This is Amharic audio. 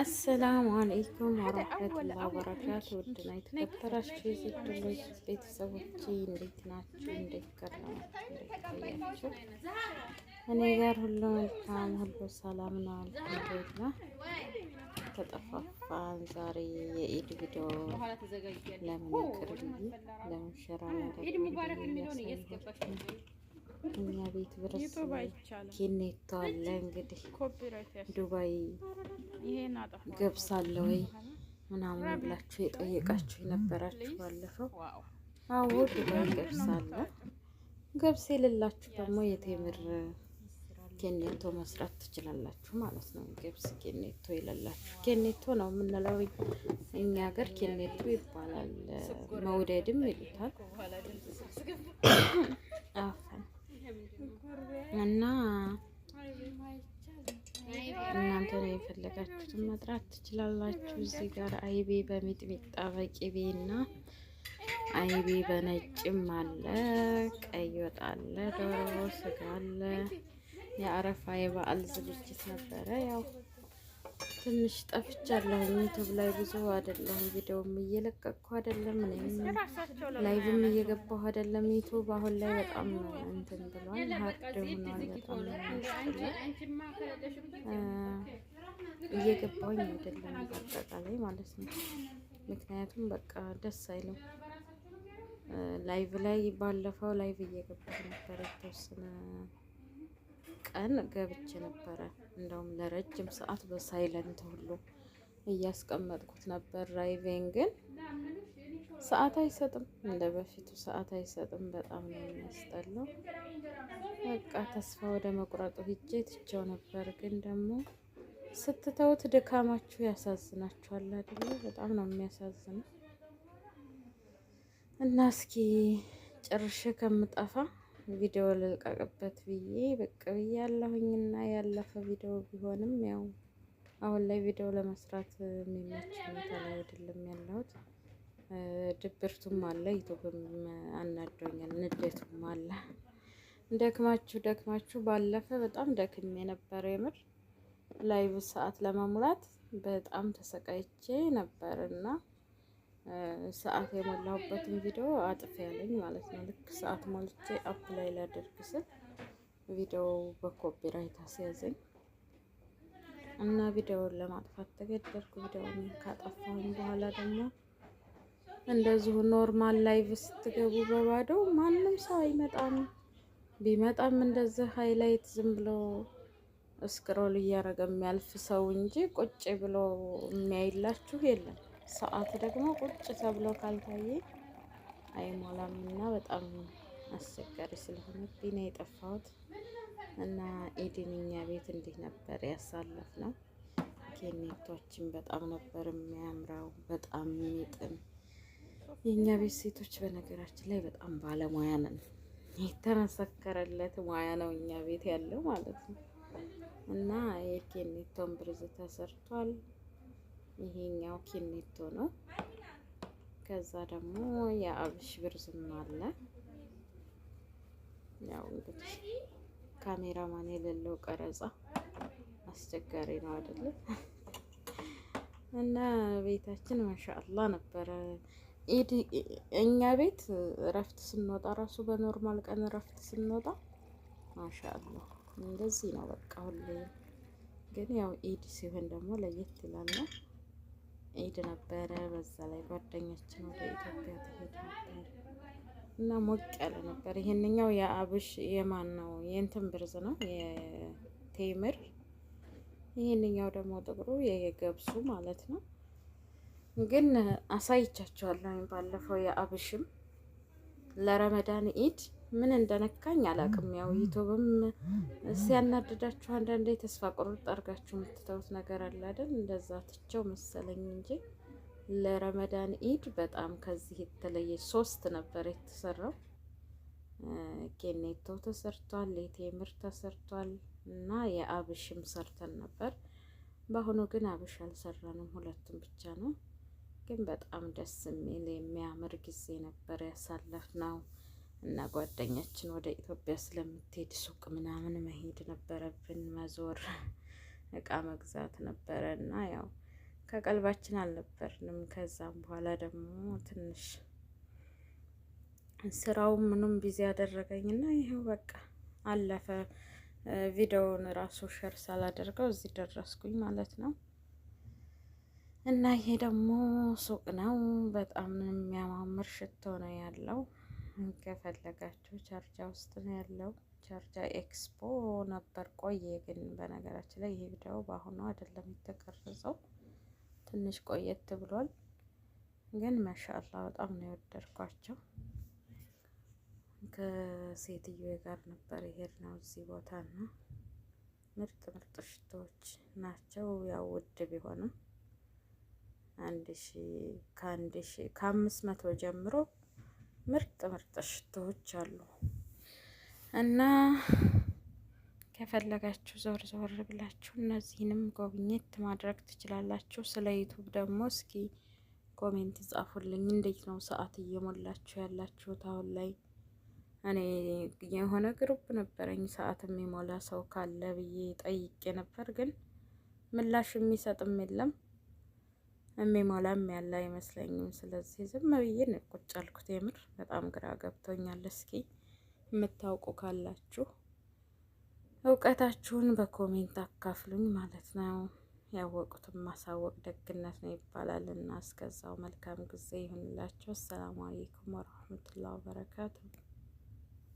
አሰላሙ አለይኩም ወረህመቱላሂ ወበረካቱ። ውድና የተከበራችሁ የዘድሎች ቤተሰቦች እንዴት ናችሁ? እንዴት ከረማችሁ? እንዴት ቆያችሁ? እኔ ጋር ሁሉ መልካም፣ ሁሉ ሰላም ነው። አልሐምዱሊላህ ተጠፋፋን። ዛሬ የኢድ ቪዲዮ ለምን ቅርብ ለምን ሸራ ቤት ብረስ ኬኔቶ አለ እንግዲህ ዱባይ ገብሳለ ወይ ምናምን ብላችሁ የጠየቃችሁ የነበራችሁ ባለፈው፣ አዎ ዱባይ ገብሳለ። ገብስ የሌላችሁ ደግሞ የቴምር ኬኔቶ መስራት ትችላላችሁ ማለት ነው። ገብስ ኬኔቶ የሌላችሁ ኬኔቶ ነው የምንለው እኛ ሀገር ኬኔቶ ይባላል። መውደድም ይሉታል። አፈን እና እናንተ ነው የፈለጋችሁትን መጥራት ትችላላችሁ። እዚህ ጋር አይቤ በሚጥሚጣ በቂቤ እና አይቤ በነጭም አለ፣ ቀይ ወጥ አለ፣ ዶሮ ስጋ አለ። የአረፋ የበዓል ዝግጅት ነበረ ያው ትንሽ ጠፍቻለሁኝ ዩቱብ ላይ ብዙ አይደለሁም፣ ቪዲዮም እየለቀቅኩ አይደለም፣ እኔም ላይቭም እየገባሁ አይደለም። ዩቱብ አሁን ላይ በጣም እንትን ብሏል፣ ሀርድ ሆኗል። በጣም እየገባሁኝ አይደለም አጠቃላይ ማለት ነው። ምክንያቱም በቃ ደስ አይልም። ላይቭ ላይ ባለፈው ላይቭ እየገባሁ ነበር የተወሰነ ቀን ገብቼ ነበረ። እንደውም ለረጅም ሰዓት በሳይለንት ሁሉ እያስቀመጥኩት ነበር። ራይቬን ግን ሰዓት አይሰጥም፣ እንደ በፊቱ ሰዓት አይሰጥም። በጣም ነው የሚያስጠላው። በቃ ተስፋ ወደ መቁረጡ ሂጄ ትቼው ነበር። ግን ደግሞ ስትተውት ድካማችሁ ያሳዝናችኋል አይደለ? በጣም ነው የሚያሳዝነው እና እስኪ ጭርሼ ከምጠፋ ቪዲዮ ልልቀቅበት ብዬ ብቅ ብዬ ያለሁኝና ያለፈ ቪዲዮ ቢሆንም ያው አሁን ላይ ቪዲዮ ለመስራት የሚመች ሁኔታ ላይ አይደለም ያለሁት። ድብርቱም አለ፣ ዩቱብም አናዶኛል፣ ንዴቱም አለ። ደክማችሁ ደክማችሁ ባለፈ በጣም ደክም የነበረ የምር ላይቭ ሰዓት ለመሙላት በጣም ተሰቃይቼ ነበር እና ሰዓት የሞላሁበትን ቪዲዮ አጥፍ ያለኝ ማለት ነው። ልክ ሰዓት ሞልቼ አፕ ላይ ላደርግ ስል ቪዲዮ በኮፒራይት አስያዘኝ እና ቪዲዮውን ለማጥፋት ተገደድኩ። ቪዲዮውን ካጠፋሁኝ በኋላ ደግሞ እንደዚሁ ኖርማል ላይቭ ስትገቡ በባዶ ማንም ሰው አይመጣም። ቢመጣም እንደዚህ ሃይላይት ዝም ብሎ ስክሮል እያደረገ የሚያልፍ ሰው እንጂ ቁጭ ብሎ የሚያይላችሁ የለም። ሰዓት ደግሞ ቁጭ ተብሎ ካልታየ አይሞላም እና በጣም አስቸጋሪ ስለሆነ ቢና የጠፋሁት። እና ኢድን እኛ ቤት እንዲህ ነበር ያሳለፍ ነው ኬኔቶችን በጣም ነበር የሚያምረው፣ በጣም የሚጥም የእኛ ቤት ሴቶች በነገራችን ላይ በጣም ባለሙያ ነን። የተመሰከረለት ሙያ ነው እኛ ቤት ያለው ማለት ነው። እና የኬኔቶን ብርዝ ተሰርቷል። ይሄኛው ኪኔቶ ነው። ከዛ ደግሞ የአብሽ ብርዝም አለ። ያው እንግዲህ ካሜራማን የሌለው ቀረጻ አስቸጋሪ ነው አይደለ? እና ቤታችን ማሻአላ ነበረ። ኢድ እኛ ቤት እረፍት ስንወጣ ራሱ በኖርማል ቀን እረፍት ስንወጣ ማሻአላ እንደዚህ ነው በቃ ሁሌ። ግን ያው ኢድ ሲሆን ደግሞ ለየት ይላል ነው ኢድ ነበረ። በዛ ላይ ጓደኛችን ወደ ኢትዮጵያ ትሄድ ነበር እና ሞቅ ያለ ነበር። ይሄንኛው የአብሽ የማን ነው የእንትን ብርዝ ነው የቴምር። ይሄንኛው ደግሞ ጥቁሩ የገብሱ ማለት ነው። ግን አሳይቻቸዋለሁ ባለፈው የአብሽም ለረመዳን ኢድ ምን እንደነካኝ አላቅም። ያው ዩቱብም ሲያናድዳችሁ አንዳንዴ ተስፋ ቁርጥ አድርጋችሁ የምትተውት ነገር አለ አይደል? እንደዛ ትቸው መሰለኝ እንጂ ለረመዳን ኢድ በጣም ከዚህ የተለየ ሶስት ነበር የተሰራው። ኬኔቶ ተሰርቷል፣ የቴምር ተሰርቷል እና የአብሽም ሰርተን ነበር። በአሁኑ ግን አብሽ አልሰራንም፣ ሁለቱም ብቻ ነው። ግን በጣም ደስ የሚል የሚያምር ጊዜ ነበር ያሳለፍ ነው። እና ጓደኛችን ወደ ኢትዮጵያ ስለምትሄድ ሱቅ ምናምን መሄድ ነበረብን፣ መዞር እቃ መግዛት ነበረ እና ያው ከቀልባችን አልነበርንም። ከዛም በኋላ ደግሞ ትንሽ ስራው ምኑም ቢዚ እና ይኸው በቃ አለፈ። ቪዲዮውን ራሱ ሸር ሳላደርገው እዚህ ደረስኩኝ ማለት ነው። እና ይሄ ደግሞ ሱቅ ነው። በጣም የሚያማምር ሽቶ ነው ያለው። ከፈለጋችሁ ቻርጃ ውስጥ ነው ያለው። ቻርጃ ኤክስፖ ነበር ቆየ። ግን በነገራችን ላይ ይሄ ቪዲዮ በአሁኑ አይደለም የተቀረጸው፣ ትንሽ ቆየት ብሏል። ግን ማሻአላ በጣም ነው የወደድኳቸው። ከሴትዮ ጋር ነበር ይሄድ ነው እዚህ ቦታ እና ምርጥ ምርጥ ሽቶዎች ናቸው። ያው ውድ ቢሆንም አንድ ሺ ከአንድ ሺ ከአምስት መቶ ጀምሮ ምርጥ ምርጥ ሽቶዎች አሉ እና ከፈለጋችሁ ዞር ዞር ብላችሁ እነዚህንም ጎብኘት ማድረግ ትችላላችሁ። ስለ ዩቱብ ደግሞ እስኪ ኮሜንት ጻፉልኝ። እንዴት ነው ሰዓት እየሞላችሁ ያላችሁት አሁን ላይ? እኔ የሆነ ግሩፕ ነበረኝ ሰዓት የሚሞላ ሰው ካለ ብዬ ጠይቄ ነበር፣ ግን ምላሽ የሚሰጥም የለም። ማላም ያለ አይመስለኝም። ስለዚህ ዝም ብዬ ነው ቁጭ አልኩት። የምር በጣም ግራ ገብቶኛል። እስኪ የምታውቁ ካላችሁ እውቀታችሁን በኮሜንት አካፍሉኝ ማለት ነው። ያወቁትን ማሳወቅ ደግነት ነው ይባላል እና እስከዛው መልካም ጊዜ ይሁንላችሁ። አሰላሙ አሌይኩም ወረህመቱላሂ ወበረካቱ።